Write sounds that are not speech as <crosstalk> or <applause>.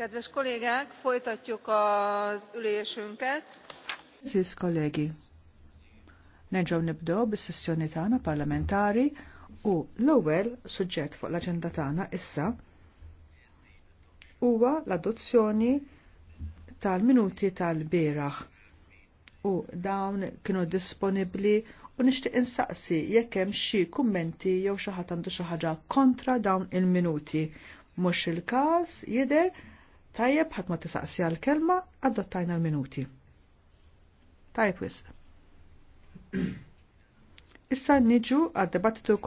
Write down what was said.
Kedves kollégák, folytatjuk az ülésünket. Kedves kollégi, nerġaw nibdo bis-sessjoni tagħna parlamentari u l-ewwel suġġett fuq l-aġenda tagħna issa huwa l-adozzjoni tal-minuti tal-bieraħ u dawn kienu disponibbli u nixtieq insaqsi jekk hemm xi kummenti jew xi ħadd għandu xi ħaġa kontra dawn il-minuti. Mhux il-każ jidher Tajjeb ħadd ma tisaqsi għal kelma adottajna l-minuti. Tajjeb wisq. <clears throat> Issa niġu għad-debattitu